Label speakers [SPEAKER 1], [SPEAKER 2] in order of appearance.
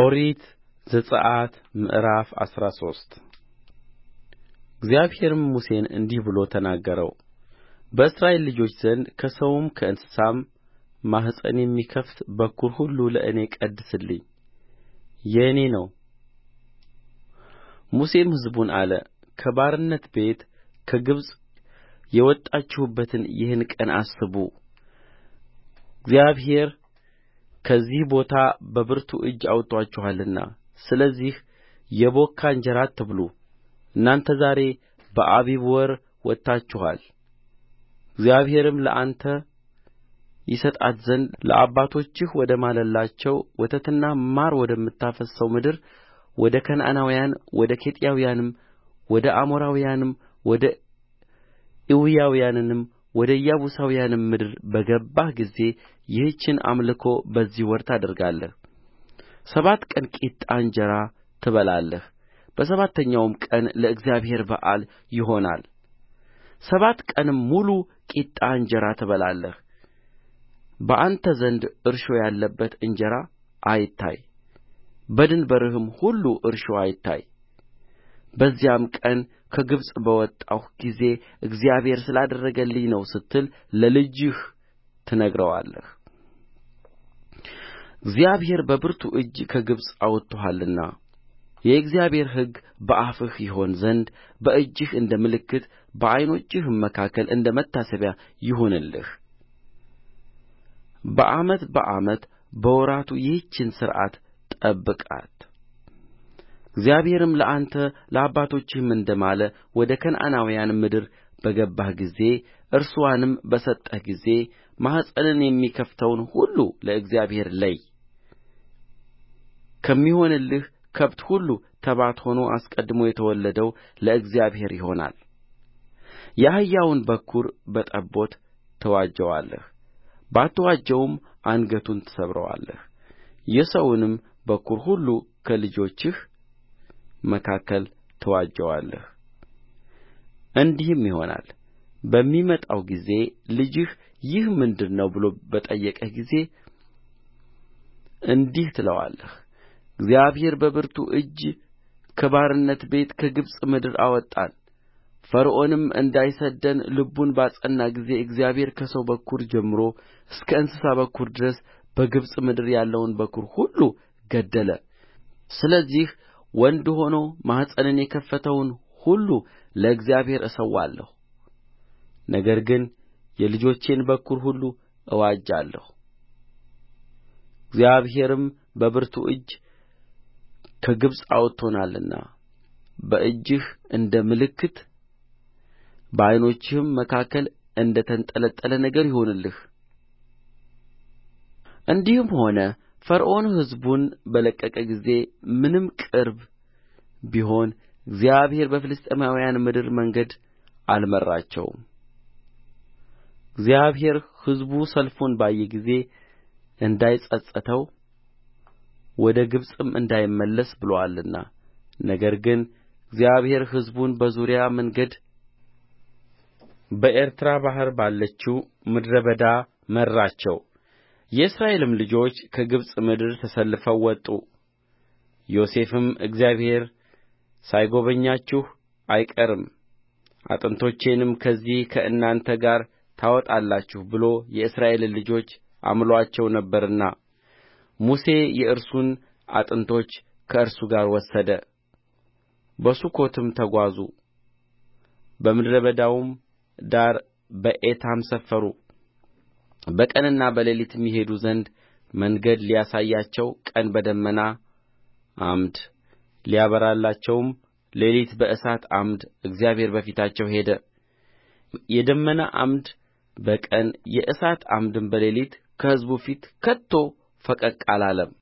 [SPEAKER 1] ኦሪት ዘጽአት ምዕራፍ አስራ ሶስት እግዚአብሔርም ሙሴን እንዲህ ብሎ ተናገረው በእስራኤል ልጆች ዘንድ ከሰውም ከእንስሳም ማኅፀን የሚከፍት በኵር ሁሉ ለእኔ ቀድስልኝ የእኔ ነው ሙሴም ሕዝቡን አለ ከባርነት ቤት ከግብፅ የወጣችሁበትን ይህን ቀን አስቡ እግዚአብሔር ከዚህ ቦታ በብርቱ እጅ አውጥቶአችኋልና ስለዚህ የቦካ እንጀራ አትብሉ እናንተ ዛሬ በአቢብ ወር ወጥታችኋል እግዚአብሔርም ለአንተ ይሰጣት ዘንድ ለአባቶችህ ወደ ማለላቸው ወተትና ማር ወደምታፈስሰው ምድር ወደ ከነዓናውያን ወደ ኬጢያውያንም ወደ አሞራውያንም ወደ ኤዊያውያንም ወደ ኢያቡሳውያንም ምድር በገባህ ጊዜ ይህችን አምልኮ በዚህ ወር ታደርጋለህ ሰባት ቀን ቂጣ እንጀራ ትበላለህ በሰባተኛውም ቀን ለእግዚአብሔር በዓል ይሆናል ሰባት ቀንም ሙሉ ቂጣ እንጀራ ትበላለህ በአንተ ዘንድ እርሾ ያለበት እንጀራ አይታይ በድንበርህም ሁሉ እርሾ አይታይ በዚያም ቀን ከግብፅ በወጣሁ ጊዜ እግዚአብሔር ስላደረገልኝ ነው ስትል ለልጅህ ትነግረዋለህ እግዚአብሔር በብርቱ እጅ ከግብፅ አውጥቶሃልና የእግዚአብሔር ሕግ በአፍህ ይሆን ዘንድ በእጅህ እንደ ምልክት በዓይኖችህም መካከል እንደ መታሰቢያ ይሁንልህ በዓመት በዓመት በወራቱ ይህችን ሥርዓት ጠብቃት እግዚአብሔርም ለአንተ ለአባቶችህም እንደ ማለ ወደ ከነዓናውያን ምድር በገባህ ጊዜ እርስዋንም በሰጠህ ጊዜ ማኅፀንን የሚከፍተውን ሁሉ ለእግዚአብሔር ለይ ከሚሆንልህ ከብት ሁሉ ተባት ሆኖ አስቀድሞ የተወለደው ለእግዚአብሔር ይሆናል የአህያውን በኵር በጠቦት ትዋጀዋለህ ባትዋጀውም አንገቱን ትሰብረዋለህ የሰውንም በኵር ሁሉ ከልጆችህ መካከል ትዋጀዋለህ እንዲህም ይሆናል በሚመጣው ጊዜ ልጅህ ይህ ምንድር ነው ብሎ በጠየቀህ ጊዜ እንዲህ ትለዋለህ እግዚአብሔር በብርቱ እጅ ከባርነት ቤት ከግብፅ ምድር አወጣን ፈርዖንም እንዳይሰድደን ልቡን ባጸና ጊዜ እግዚአብሔር ከሰው በኵር ጀምሮ እስከ እንስሳ በኵር ድረስ በግብፅ ምድር ያለውን በኵር ሁሉ ገደለ ስለዚህ ወንድ ሆኖ ማኅፀንን የከፈተውን ሁሉ ለእግዚአብሔር እሠዋለሁ ነገር ግን የልጆቼን በኵር ሁሉ እዋጃለሁ እግዚአብሔርም በብርቱ እጅ ከግብፅ አውጥቶናልና በእጅህ እንደ ምልክት በዓይኖችህም መካከል እንደ ተንጠለጠለ ነገር ይሁንልህ እንዲህም ሆነ ፈርዖን ሕዝቡን በለቀቀ ጊዜ ምንም ቅርብ ቢሆን እግዚአብሔር በፍልስጥኤማውያን ምድር መንገድ አልመራቸውም እግዚአብሔር ሕዝቡ ሰልፉን ባየ ጊዜ እንዳይጸጽተው ወደ ግብፅም እንዳይመለስ ብሎአልና ነገር ግን እግዚአብሔር ሕዝቡን በዙሪያ መንገድ በኤርትራ ባሕር ባለችው ምድረ በዳ መራቸው የእስራኤልም ልጆች ከግብፅ ምድር ተሰልፈው ወጡ ዮሴፍም እግዚአብሔር ሳይጎበኛችሁ አይቀርም አጥንቶቼንም ከዚህ ከእናንተ ጋር ታወጣላችሁ ብሎ የእስራኤልን ልጆች አምሎአቸው ነበርና ሙሴ የእርሱን አጥንቶች ከእርሱ ጋር ወሰደ በሱኮትም ተጓዙ በምድረ በዳውም ዳር በኤታም ሰፈሩ በቀንና በሌሊት ይሄዱ ዘንድ መንገድ ሊያሳያቸው ቀን በደመና ዓምድ ሊያበራላቸውም ሌሊት በእሳት ዓምድ እግዚአብሔር በፊታቸው ሄደ የደመና ዓምድ በቀን የእሳት ዓምድም በሌሊት ከሕዝቡ ፊት ከቶ ፈቀቅ አላለም